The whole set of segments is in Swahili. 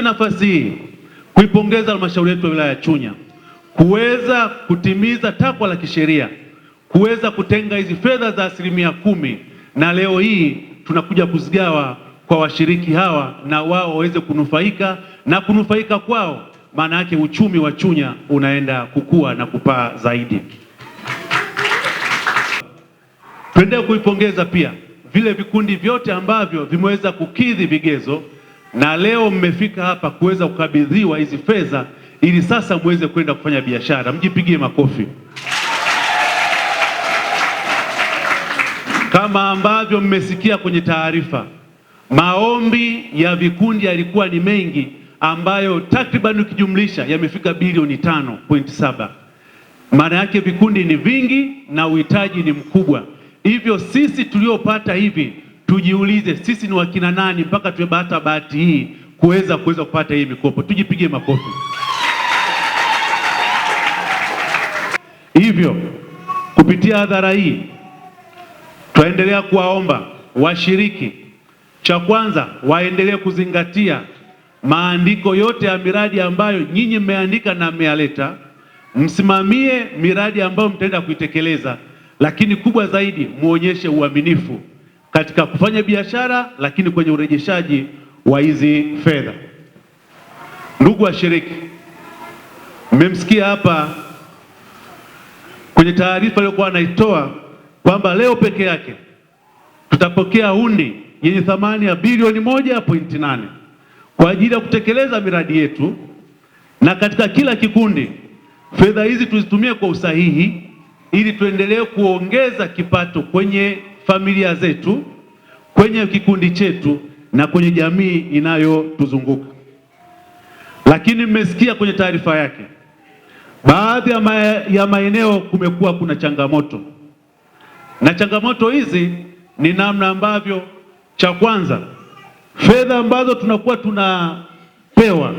Nichukue nafasi hii kuipongeza halmashauri yetu ya wilaya ya Chunya kuweza kutimiza takwa la kisheria kuweza kutenga hizi fedha za asilimia kumi, na leo hii tunakuja kuzigawa kwa washiriki hawa na wao waweze kunufaika na kunufaika kwao, maana yake uchumi wa Chunya unaenda kukua na kupaa zaidi. Tuendelee kuipongeza pia vile vikundi vyote ambavyo vimeweza kukidhi vigezo na leo mmefika hapa kuweza kukabidhiwa hizi fedha ili sasa muweze kwenda kufanya biashara. Mjipigie makofi. Kama ambavyo mmesikia kwenye taarifa, maombi ya vikundi yalikuwa ni mengi, ambayo takriban ukijumlisha yamefika bilioni tano pointi saba. Maana yake vikundi ni vingi na uhitaji ni mkubwa, hivyo sisi tuliopata hivi tujiulize sisi ni wakina nani mpaka tuwe bahati hii kuweza kuweza kupata hii mikopo. tujipige makofi. Hivyo kupitia hadhara hii twaendelea kuwaomba washiriki, cha kwanza waendelee kuzingatia maandiko yote ya miradi ambayo nyinyi mmeandika na mmealeta Msimamie miradi ambayo mtaenda kuitekeleza, lakini kubwa zaidi muonyeshe uaminifu katika kufanya biashara, lakini kwenye urejeshaji wa hizi fedha. Ndugu washiriki, mmemsikia hapa kwenye taarifa aliyokuwa anaitoa kwamba leo peke yake tutapokea hundi yenye thamani ya bilioni moja pointi nane kwa ajili ya kutekeleza miradi yetu, na katika kila kikundi fedha hizi tuzitumie kwa usahihi ili tuendelee kuongeza kipato kwenye familia zetu, kwenye kikundi chetu na kwenye jamii inayotuzunguka. Lakini mmesikia kwenye taarifa yake, baadhi ya maeneo kumekuwa kuna changamoto, na changamoto hizi ni namna ambavyo, cha kwanza, fedha ambazo tunakuwa tunapewa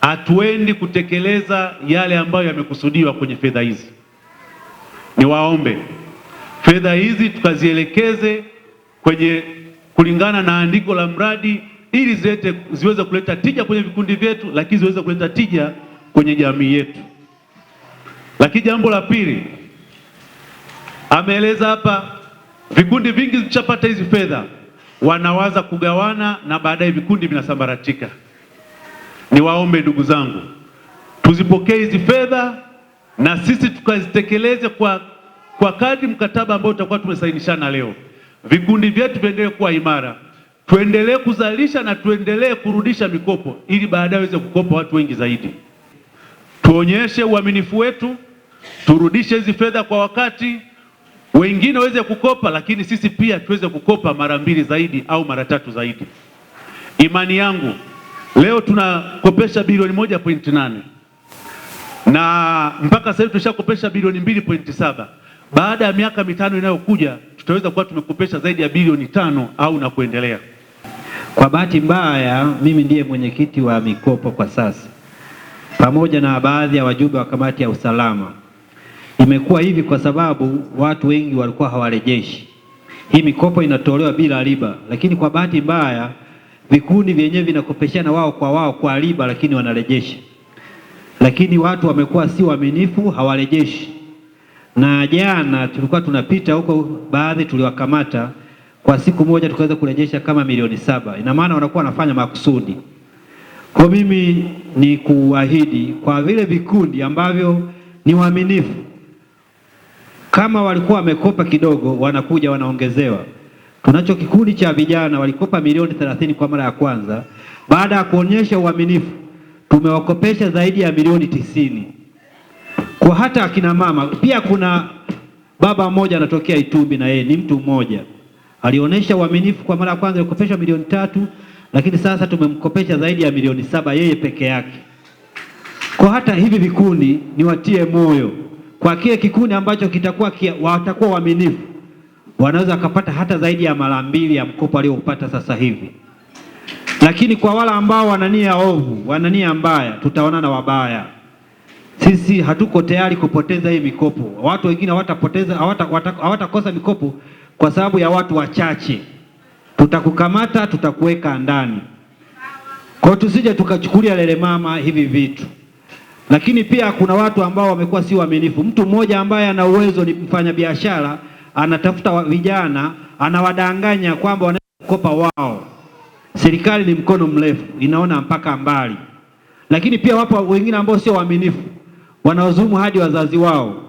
hatuendi kutekeleza yale ambayo yamekusudiwa kwenye fedha hizi. Niwaombe Fedha hizi tukazielekeze kwenye kulingana na andiko la mradi ili zilete, ziweze kuleta tija kwenye vikundi vyetu, lakini ziweze kuleta tija kwenye jamii yetu. Lakini jambo la pili ameeleza hapa, vikundi vingi vichapata hizi fedha wanawaza kugawana na baadaye vikundi vinasambaratika. Niwaombe ndugu zangu, tuzipokee hizi fedha na sisi tukazitekeleze kwa kwa kadri mkataba ambao tutakuwa tumesainishana leo, vikundi vyetu viendelee kuwa imara, tuendelee kuzalisha na tuendelee kurudisha mikopo ili baadaye waweze kukopa watu wengi zaidi. Tuonyeshe uaminifu wetu, turudishe hizi fedha kwa wakati, wengine waweze kukopa, lakini sisi pia tuweze kukopa mara mbili zaidi au mara tatu zaidi. Imani yangu leo tunakopesha bilioni moja pointi nane na mpaka sasa hivi tushakopesha bilioni mbili pointi saba baada ya miaka mitano inayokuja tutaweza kuwa tumekopesha zaidi ya bilioni tano au na kuendelea. Kwa bahati mbaya, mimi ndiye mwenyekiti wa mikopo kwa sasa, pamoja na baadhi ya wajumbe wa kamati ya usalama. Imekuwa hivi kwa sababu watu wengi walikuwa hawarejeshi. Hii mikopo inatolewa bila riba, lakini kwa bahati mbaya vikundi vyenyewe vinakopeshana wao kwa wao kwa riba, lakini wanarejesha. Lakini watu wamekuwa si waaminifu, hawarejeshi na jana tulikuwa tunapita huko, baadhi tuliwakamata kwa siku moja, tukaweza kurejesha kama milioni saba. Ina maana wanakuwa wanafanya makusudi. Kwa mimi ni kuahidi kwa vile vikundi ambavyo ni waaminifu, kama walikuwa wamekopa kidogo, wanakuja wanaongezewa. Tunacho kikundi cha vijana walikopa milioni thelathini kwa mara ya kwanza. Baada ya kuonyesha uaminifu, tumewakopesha zaidi ya milioni tisini kwa hata akina mama pia. Kuna baba mmoja anatokea Itumbi na yeye ni mtu mmoja, alionyesha uaminifu kwa mara ya kwanza, alikopeshwa milioni tatu, lakini sasa tumemkopesha zaidi ya milioni saba yeye peke yake. Kwa hata hivi vikundi niwatie moyo, kwa kile kikundi ambacho kitakuwa watakuwa waaminifu wanaweza wakapata hata zaidi ya mara mbili ya mkopo aliopata sasa hivi. Lakini kwa wale ambao wanania ovu, wanania mbaya, tutaonana wabaya sisi hatuko tayari kupoteza hii mikopo. Watu wengine hawatapoteza, hawatakosa mikopo kwa sababu ya watu wachache. Tutakukamata, tutakuweka ndani. Kwa hiyo tusije tukachukulia lele mama hivi vitu. Lakini pia kuna watu ambao wamekuwa si waaminifu. Mtu mmoja ambaye ana uwezo ni mfanya biashara, anatafuta vijana, anawadanganya kwamba wanaweza kukopa wao. Serikali ni mkono mrefu, inaona mpaka mbali. Lakini pia wapo wengine ambao sio waaminifu wanaozumu hadi wazazi wao.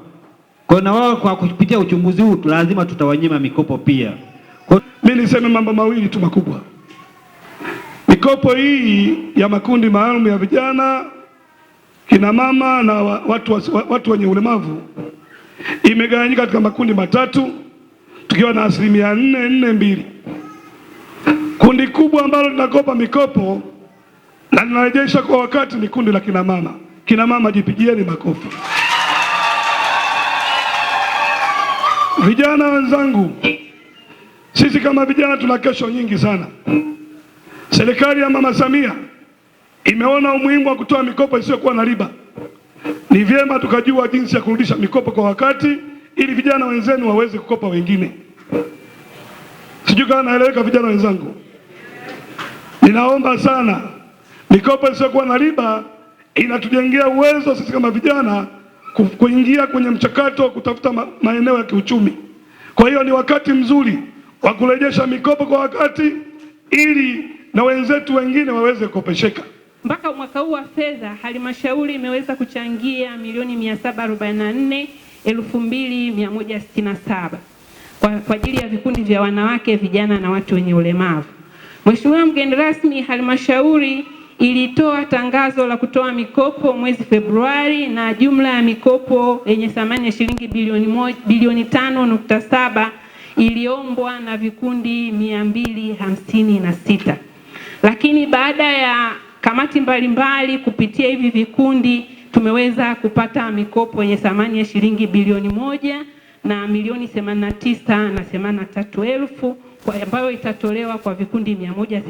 Kwa na wao kwa kupitia uchunguzi huu lazima tutawanyima mikopo pia. Kwa... mimi niseme mambo mawili tu makubwa. Mikopo hii ya makundi maalum ya vijana, kina mama na watu, watu wenye ulemavu imegawanyika katika makundi matatu tukiwa na asilimia nne nne mbili. Kundi kubwa ambalo linakopa mikopo na linarejesha kwa wakati ni kundi la kina mama. Kina mama jipigieni makofi. Vijana wenzangu, sisi kama vijana tuna kesho nyingi sana. Serikali ya Mama Samia imeona umuhimu wa kutoa mikopo isiyokuwa na riba. Ni vyema tukajua jinsi ya kurudisha mikopo kwa wakati, ili vijana wenzenu waweze kukopa wengine. Sijui kama naeleweka, vijana wenzangu, ninaomba sana mikopo isiyokuwa na riba inatujengea uwezo sisi kama vijana kuingia kwenye mchakato wa kutafuta maeneo ya kiuchumi. Kwa hiyo ni wakati mzuri wa kurejesha mikopo kwa wakati ili na wenzetu wengine waweze kukopesheka. Mpaka mwaka huu wa fedha halmashauri imeweza kuchangia milioni 744,267 kwa ajili ya vikundi vya wanawake, vijana na watu wenye ulemavu. Mheshimiwa mgeni rasmi, halmashauri ilitoa tangazo la kutoa mikopo mwezi Februari na jumla ya mikopo yenye thamani ya shilingi bilioni moja, bilioni tano nukta saba iliombwa na vikundi mia mbili hamsini na sita lakini baada ya kamati mbalimbali mbali kupitia hivi vikundi tumeweza kupata mikopo yenye thamani ya shilingi bilioni moja na milioni themanini na tisa na themanini na tatu elfu ambayo itatolewa kwa vikundi mia moja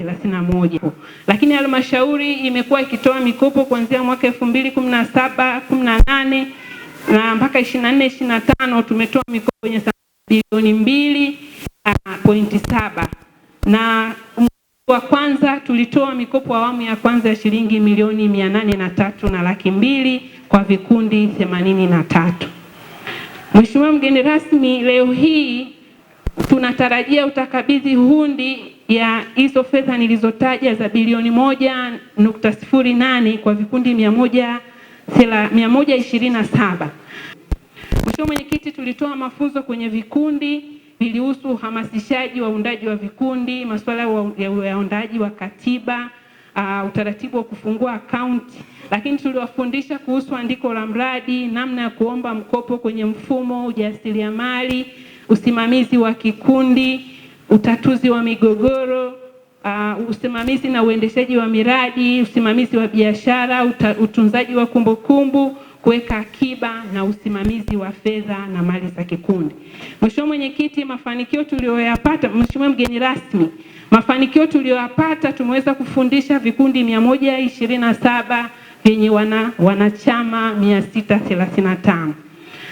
lakini halmashauri imekuwa ikitoa mikopo kuanzia mwaka elfu mbili na saba nane na mpaka 24 25, nne tano tumetoa mikopo yenye bilioni mbili uh, pointi saba na wa kwanza tulitoa mikopo awamu ya kwanza ya shilingi milioni mia nane na tatu na laki mbili kwa vikundi themanini na tatu. Mheshimiwa mgeni rasmi, leo hii tunatarajia utakabidhi hundi ya hizo fedha nilizotaja za bilioni moja nukta sifuri nane kwa vikundi mia moja mia moja ishirini na saba. Mheshimiwa Mwenyekiti, tulitoa mafunzo kwenye vikundi vilihusu uhamasishaji wa uundaji wa vikundi, masuala ya uundaji wa katiba, uh, utaratibu wa kufungua akaunti, lakini tuliwafundisha kuhusu andiko la mradi, namna ya kuomba mkopo kwenye mfumo ujasiriamali usimamizi wa kikundi, utatuzi wa migogoro, uh, usimamizi na uendeshaji wa miradi, usimamizi wa biashara, utunzaji wa kumbukumbu, kuweka akiba na usimamizi wa fedha na mali za kikundi. Mheshimiwa Mwenyekiti, mafanikio tuliyoyapata, Mheshimiwa mgeni rasmi, mafanikio tuliyoyapata, tumeweza kufundisha vikundi mia moja ishirini na saba vyenye wana, wanachama 635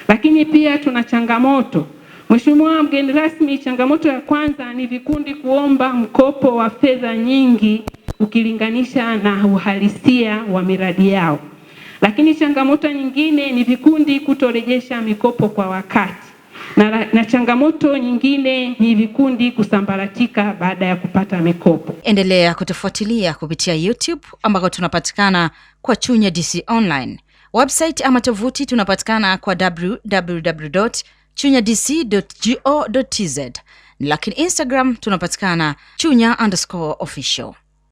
lakini pia tuna changamoto Mheshimiwa mgeni rasmi, changamoto ya kwanza ni vikundi kuomba mkopo wa fedha nyingi ukilinganisha na uhalisia wa miradi yao. Lakini changamoto nyingine ni vikundi kutorejesha mikopo kwa wakati na, na changamoto nyingine ni vikundi kusambaratika baada ya kupata mikopo. Endelea kutufuatilia kupitia YouTube ambako tunapatikana kwa Chunya DC Online. Website ama tovuti tunapatikana kwa www chunya dc.go.tz, lakini Instagram tunapatikana chunya underscore official.